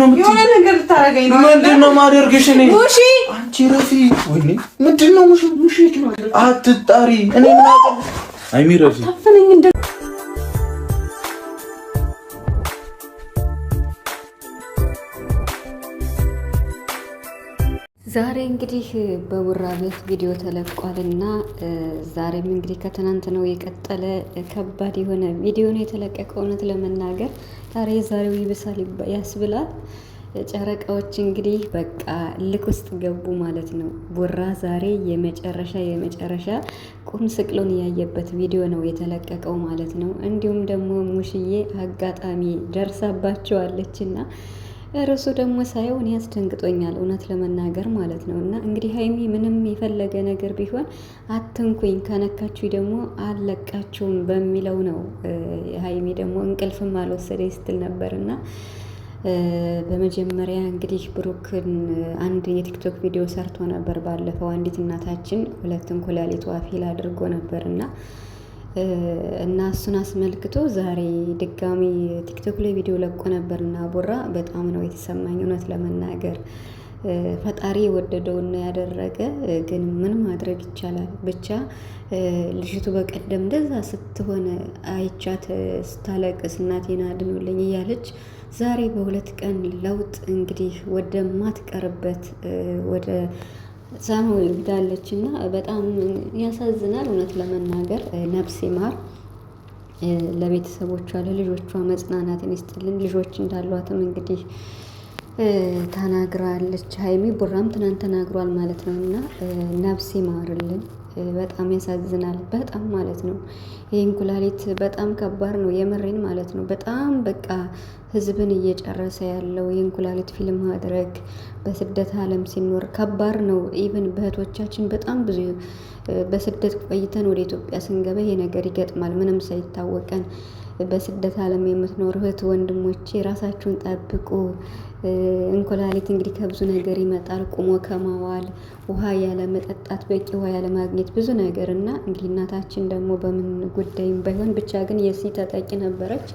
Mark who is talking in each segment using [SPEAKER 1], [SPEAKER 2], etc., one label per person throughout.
[SPEAKER 1] ምንድነው የሆነ ነገር ልታረገኝ
[SPEAKER 2] ነው? ማደርግሽ? እኔ ሙሺ፣ አንቺ ረፊ፣ ወይኔ ሙሺ፣ አትጣሪ። እኔ አይሚ ረፊ
[SPEAKER 1] ዛሬ እንግዲህ በቡራ ቤት ቪዲዮ ተለቋልና ዛሬም እንግዲህ ከትናንት ነው የቀጠለ ከባድ የሆነ ቪዲዮ ነው የተለቀቀ። እውነት ለመናገር ዛሬ ዛሬው ይብሳል ያስብላል። ጨረቃዎች እንግዲህ በቃ ልክ ውስጥ ገቡ ማለት ነው። ቡራ ዛሬ የመጨረሻ የመጨረሻ ቁም ስቅሎን ያየበት ቪዲዮ ነው የተለቀቀው ማለት ነው። እንዲሁም ደግሞ ሙሽዬ አጋጣሚ ደርሳባቸዋለችና እርሱ ደግሞ ሳየው እኔ ያስደንግጦኛል፣ እውነት ለመናገር ማለት ነው። እና እንግዲህ ሀይሚ ምንም የፈለገ ነገር ቢሆን አትንኩኝ፣ ከነካችሁ ደግሞ አለቃችሁም በሚለው ነው። ሀይሚ ደግሞ እንቅልፍም አልወሰደ ስትል ነበር እና በመጀመሪያ እንግዲህ ብሩክን አንድ የቲክቶክ ቪዲዮ ሰርቶ ነበር ባለፈው። አንዲት እናታችን ሁለቱን ኩላሊቷ ፊል አድርጎ ነበር እና እና እሱን አስመልክቶ ዛሬ ድጋሚ ቲክቶክ ላይ ቪዲዮ ለቆ ነበር እና ቦራ በጣም ነው የተሰማኝ እውነት ለመናገር ፈጣሪ የወደደውና ያደረገ ግን ምን ማድረግ ይቻላል። ብቻ ልጅቱ በቀደም እንደዛ ስትሆን አይቻት ስታለቅስ እናቴን አድኑልኝ እያለች ዛሬ በሁለት ቀን ለውጥ እንግዲህ ወደማትቀርበት ወደ ሳሙኤል ብላለች እና በጣም ያሳዝናል። እውነት ለመናገር ነፍሴ ማር ለቤተሰቦቿ ለልጆቿ መጽናናትን ይስጥልን። ልጆች እንዳሏትም እንግዲህ ተናግራለች ሀይሚ ቡራም ትናንት ተናግሯል ማለት ነው እና ነፍስ ማርልን በጣም ያሳዝናል። በጣም ማለት ነው። ይህ በጣም ከባድ ነው። የምሬን ማለት ነው። በጣም በቃ ህዝብን እየጨረሰ ያለው የእንኩላሊት ፊልም ማድረግ በስደት ዓለም ሲኖር ከባድ ነው። ኢቨን በእህቶቻችን በጣም ብዙ በስደት ቆይተን ወደ ኢትዮጵያ ስንገባ ይሄ ነገር ይገጥማል ምንም ሳይታወቀን በስደት ዓለም የምትኖሩ እህት ወንድሞቼ ራሳችሁን ጠብቁ። እንኩላሊት እንግዲህ ከብዙ ነገር ይመጣል። ቁሞ ከማዋል፣ ውሃ ያለ መጠጣት፣ በቂ ውሃ ያለ ማግኘት፣ ብዙ ነገር እና እንግዲህ እናታችን ደግሞ በምን ጉዳይም ባይሆን ብቻ ግን የሲ ተጠቂ ነበረች።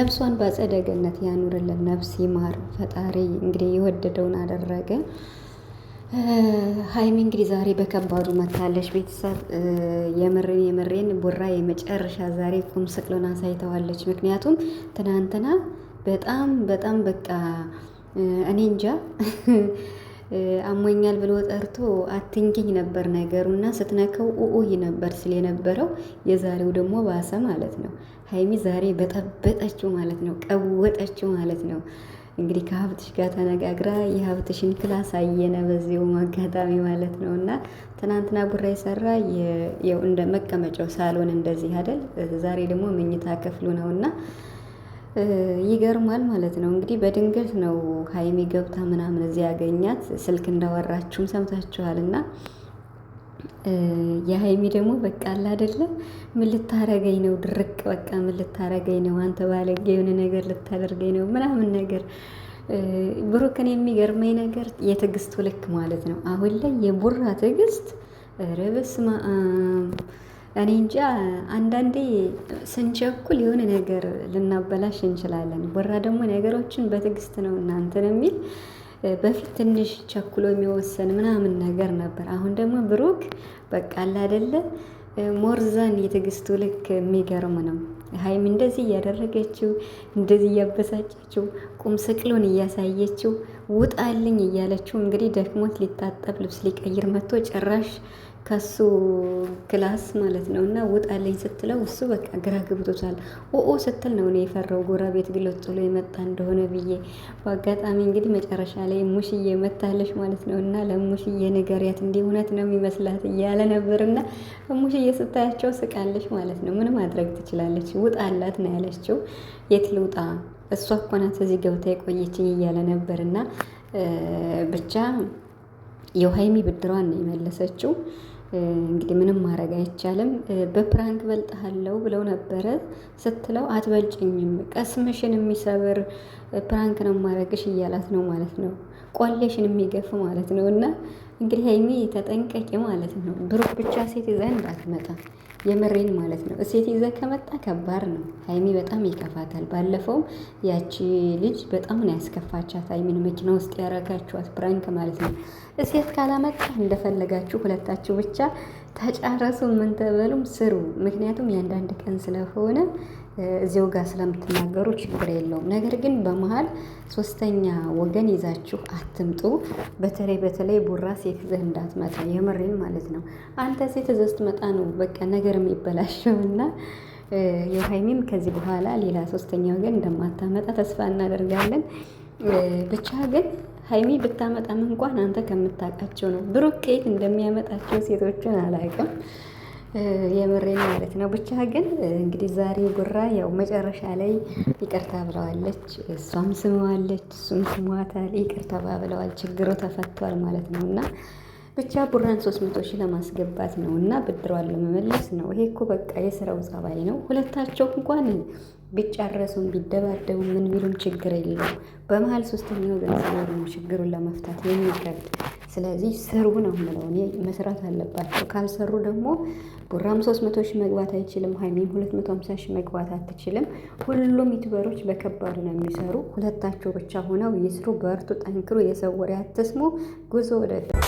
[SPEAKER 1] ነፍሷን ባጸደ ገነት ያኑርልን። ነፍስ ይማር ፈጣሪ። እንግዲህ የወደደውን አደረገ። ሀይሚ እንግዲህ ዛሬ በከባዱ መታለች። ቤተሰብ የምሬን የምሬን ቡራ የመጨረሻ ዛሬ ቁም ስቅሎን አሳይተዋለች። ምክንያቱም ትናንትና በጣም በጣም በቃ እኔ እንጃ አሞኛል ብሎ ጠርቶ አትንኪኝ ነበር ነገሩና ስትነከው ኡኡይ ነበር ስል የነበረው የዛሬው ደግሞ ባሰ ማለት ነው። ሀይሚ ዛሬ በጠበጠችው ማለት ነው፣ ቀወጠችው ማለት ነው። እንግዲህ ከሀብትሽ ጋር ተነጋግራ የሀብትሽን ክላስ አየነ በዚሁ አጋጣሚ ማለት ነው። እና ትናንትና ቡራ የሰራ እንደ መቀመጫው ሳሎን እንደዚህ አይደል፣ ዛሬ ደግሞ መኝታ ክፍሉ ነው እና ይገርማል ማለት ነው። እንግዲህ በድንገት ነው ሀይሚ ገብታ ምናምን እዚህ ያገኛት ስልክ እንዳወራችሁም ሰምታችኋል እና የሀይሚ ደግሞ በቃ አለ አይደለ፣ ምን ልታረገኝ ነው? ድርቅ በቃ ምን ልታረገኝ ነው? አንተ ባለጌ የሆነ ነገር ልታደርገኝ ነው ምናምን ነገር ብሩክን የሚገርመኝ ነገር የትዕግስቱ ልክ ማለት ነው። አሁን ላይ የቡራ ትዕግስት ርብስማ እኔ እንጃ። አንዳንዴ ስንቸኩል የሆነ ነገር ልናበላሽ እንችላለን። ቡራ ደግሞ ነገሮችን በትዕግስት ነው እናንተን የሚል በፊት ትንሽ ቸኩሎ የሚወሰን ምናምን ነገር ነበር። አሁን ደግሞ ብሩክ በቃ አለ አይደለ ሞርዛን የትዕግስቱ ልክ የሚገርም ነው። ሀይም እንደዚህ እያደረገችው እንደዚህ እያበሳጨችው ቁም ስቅሉን እያሳየችው ውጣልኝ እያለችው እንግዲህ ደክሞት ሊታጠብ ልብስ ሊቀይር መጥቶ ጭራሽ ከሱ ክላስ ማለት ነው እና ውጣልኝ ስትለው እሱ በቃ ግራ ገብቶታል። ኦኦ ስትል ነው እኔ የፈራው ጎረቤት ግሎት ጥሎ የመጣ እንደሆነ ብዬ። በአጋጣሚ እንግዲህ መጨረሻ ላይ ሙሽዬ መታለች ማለት ነው እና ለሙሽዬ ንገሪያት እንዲህ እውነት ነው የሚመስላት እያለ ነበር እና ሙሽዬ ስታያቸው ስቃለች ማለት ነው። ምን ማድረግ ትችላለች? ውጣላት ነው ያለችው። የት ልውጣ? እሷ እኮ ናት እዚህ ገብታ የቆየችኝ እያለ ነበር እና ብቻ የውሃይሚ ብድሯን ነው የመለሰችው። እንግዲህ ምንም ማድረግ አይቻልም። በፕራንክ በልጥሃለው ብለው ነበረ ስትለው አትበልጭኝም፣ ቀስምሽን የሚሰብር ፕራንክ ነው ማድረግሽ እያላት ነው ማለት ነው። ቆሌሽን የሚገፍ ማለት ነው እና እንግዲህ ሀይሚ ተጠንቀቂ ማለት ነው። ብሩክ ብቻ ሴት ይዘህ እንዳትመጣ የምሬን ማለት ነው። ሴት ይዘህ ከመጣ ከባድ ነው። ሀይሚ በጣም ይከፋታል። ባለፈው ያቺ ልጅ በጣም ነው ያስከፋቻት ሀይሚን መኪና ውስጥ ያረጋችኋት ፕራንክ ማለት ነው። እሴት ካላመጣ እንደፈለጋችሁ ሁለታችሁ ብቻ ተጫረሱ፣ ምን ተበሉም ስሩ። ምክንያቱም የአንዳንድ ቀን ስለሆነ እዚው ጋር ስለምትናገሩ ችግር የለውም። ነገር ግን በመሀል ሶስተኛ ወገን ይዛችሁ አትምጡ። በተለይ በተለይ ቡራ ሴት ዘህ እንዳትመጣ የምሬን ማለት ነው። አንተ ሴት ይዘህ ስትመጣ ነው በቃ ነገር የሚበላሸው እና የሀይሚም ከዚህ በኋላ ሌላ ሶስተኛ ወገን እንደማታመጣ ተስፋ እናደርጋለን። ብቻ ግን ሀይሚ ብታመጣም እንኳን አንተ ከምታውቃቸው ነው። ብሩክ ከየት እንደሚያመጣቸው ሴቶችን አላውቅም። የምሬን ማለት ነው። ብቻ ግን እንግዲህ ዛሬ ጉራ ያው መጨረሻ ላይ ይቅርታ ብለዋለች፣ እሷም ስመዋለች፣ እሱም ስሟታል። ይቅርታ ባብለዋል፣ ችግሩ ተፈቷል ማለት ነው እና ብቻ ቡራን ሶስት መቶ ሺህ ለማስገባት ነው እና ብድሯን ለመመለስ ነው። ይሄ እኮ በቃ የስራው ጸባይ ነው። ሁለታቸው እንኳን ቢጫረሱም ቢደባደቡ ምን ቢሉም ችግር የለውም። በመሀል ሶስተኛ ወገን ሲኖር ነው ችግሩን ለመፍታት የሚከብድ ስለዚህ ስሩ ነው የምለው እኔ መስራት አለባቸው። ካልሰሩ ደግሞ ቡራም 300 መቶ ሺህ መግባት አይችልም፣ ሀይሚም 250 መቶ ሺህ መግባት አትችልም። ሁሉም ዩቱበሮች በከባድ ነው የሚሰሩ። ሁለታቸው ብቻ ሆነው ይስሩ፣ በርቱ፣ ጠንክሩ፣ የሰው ወሬ አትስሙ። ጉዞ ወደ